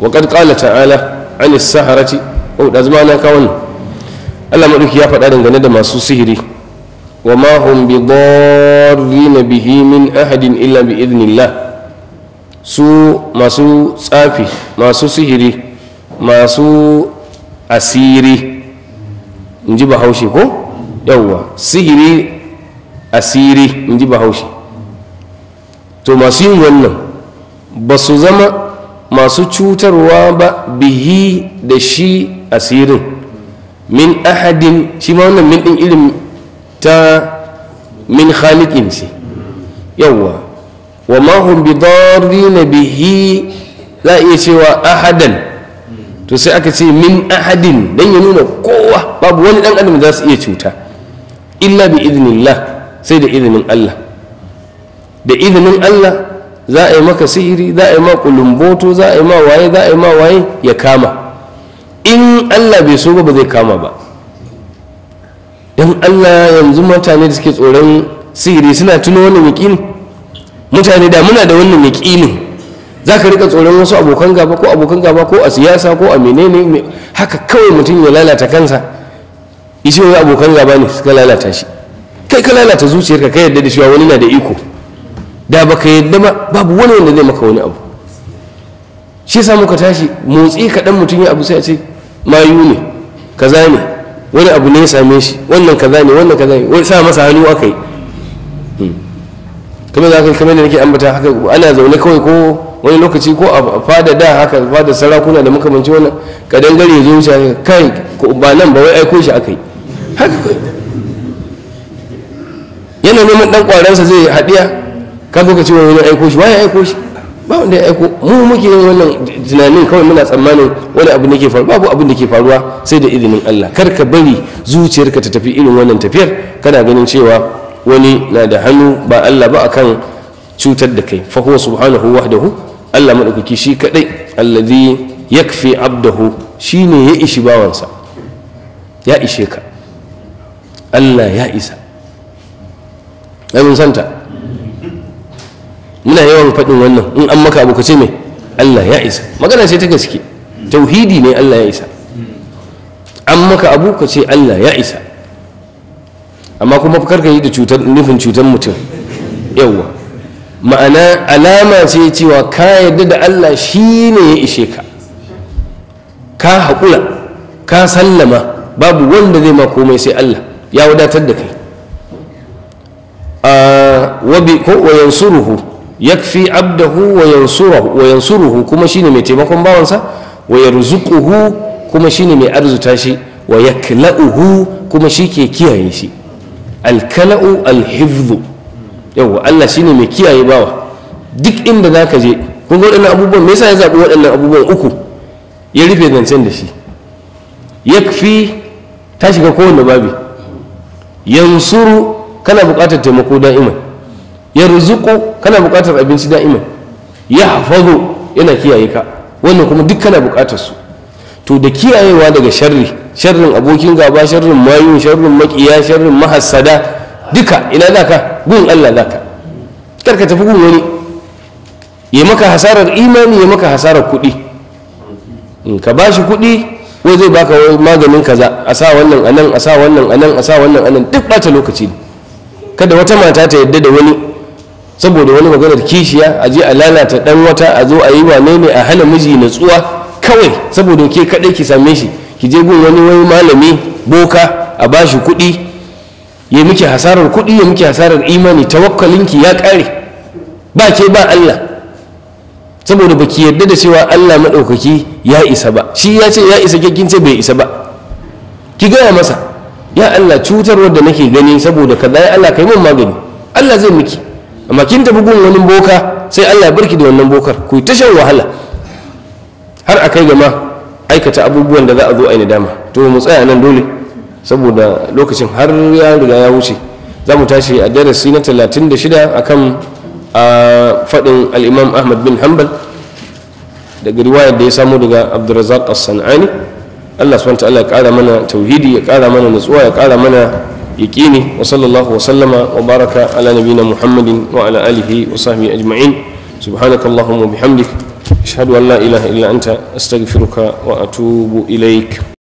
وقد قال تعالى عن da أو na كون الله مدوك يا فدا دنگane da masu sihiri وما هم بضارين به من ahadin إلا bi الله su masu tsafi masu sihiri masu asiri in ji bahaushe ko yawwa sihiri asiri in ji bahaushe to masu yin wannan ba su zama masu cutarwa ba bihi da shi asirin min ahadin shi ma wannan min ɗin irin ta min khaliqin shi yawwa wa ma hum bi bihi za iya cewa ahadan to sai aka ce min ahadin dan ya nuna kowa babu wani dan adam za su iya cuta illa bi idnillah sai da izinin Allah da izinin Allah za a yi maka sihiri za a yi ma kulumboto za a yi ma waye za a yi ma waye ya kama in allah bai so ba ba zai kama ba don allah yanzu mutane da suke tsoron sihiri suna tuno wannan yaƙini mutane da muna da wannan yaƙini za ka rika tsoron wasu abokan gaba ko abokan gaba ko a siyasa ko a menene haka kawai mutum ya lalata kansa ishe wai abokan gaba ne suka lalata shi kai ka lalata zuciyarka ka yarda da cewa wani na da iko da baka yadda ba babu wani wanda zai maka wani abu shi sa muka tashi motsi kaɗan mutum ya abu sai a ce mayu ne kaza ne wani abu ne ya same shi wannan kaza ne wannan kaza ne wani sa masa hannu aka yi hmm. kuma za ka yi kamar da nake ambata haka ana zaune kawai ko wani lokaci ko a fada da haka fada sarakuna da makamanci wannan kadan gari ya zo wuce kai ba nan ba wai aiko shi aka yi haka kai yana neman dan kwaransa zai haɗiya ka zo ka ce wani aiko shi waye aiko shi ba wanda ya aiko mu muke yin wannan tunanin kawai muna tsammanin wani abu da ke faruwa babu abin da ke faruwa sai da izinin Allah kar ka bari zuciyarka ta tafi irin wannan tafiyar kana ganin cewa wani na da hannu ba Allah ba akan cutar da kai fa huwa subhanahu wahdahu Allah madaukaki shi kadai allazi yakfi abdahu shine ya ishi bawansa ya ishe ka Allah ya isa ai mun santa muna yawan faɗin wannan in an maka abu ka ce mai Allah ya isa magana ce ta gaske tauhidi ne Allah ya isa an maka abu ka ce Allah ya isa amma kuma ka yi da cutar nufin cutar mutum yawwa ma'ana alama ce cewa ka yarda da Allah shi ne ya ishe ka ka haƙula, ka sallama babu wanda zai ma komai sai Allah ya wadatar da kai ah, wabi ko wa suruhu yakfi abdahu wa yansuruhu kuma shine mai taimakon bawansa wa yarzuquhu kuma shine mai arzuta shi wa yakla'uhu kuma shi ke kiyaye shi alkala'u alhifdhu yawa Allah shine mai kiyaye bawa duk inda zaka je kun ga waɗannan abubuwan me yasa ya zabi waɗannan abubuwan uku ya rufe zancen da shi yakfi ta shiga kowanne babi yansuru kana buƙatar taimako iman. ya rizuku kana buƙatar abinci da'iman ya hafazu yana kiyaye ka wannan kuma duk kana buƙatar su to da kiyayewa daga sharri sharrin abokin gaba sharrin mayu sharrin makiya sharrin mahassada duka ina ka gun Allah ka karka tafi gun wani ya maka hasarar imani ya maka hasarar kuɗi in ka ba shi kuɗi wai zai baka maganin kaza a sa wannan anan a sa wannan anan a sa wannan anan duk bata lokaci kada wata mata ta yadda da wani saboda wani maganar kishiya a je a lalata dan wata a zo a yi wane ne a hana miji natsuwa kawai saboda ke kadai ki same shi ki je gun wani wani malami boka a bashi kuɗi ya miki hasarar kuɗi ya miki hasarar imani tawakkalinki ya kare ba ke ba Allah saboda ba ki yarda da cewa Allah maɗaukaki ya isa ba shi ya ce ya isa kin ce bai isa ba ki gaya masa ya Allah cutarwar da nake gani saboda kaza ya Allah kai min magani Allah zai miki amma kin tafi gun wani boka sai Allah ya barki da wannan bokar ku yi tashan wahala har a kai gama aikata abubuwan da za a zo a yi nadama to mu tsaya nan dole saboda lokacin har ya riga ya wuce za mu tashi a darasi na 36 shida a faɗin al'imam ahmad bin hanbal daga riwayar da ya samu daga abdulrazak as-san'ani allah subhanahu wa ta'ala ya ƙara mana tauhidi ya kara mana natsuwa ya kara mana يقيني وصلى الله وسلم وبارك على نبينا محمد وعلى آله وصحبه أجمعين سبحانك اللهم وبحمدك أشهد أن لا إله إلا أنت أستغفرك وأتوب إليك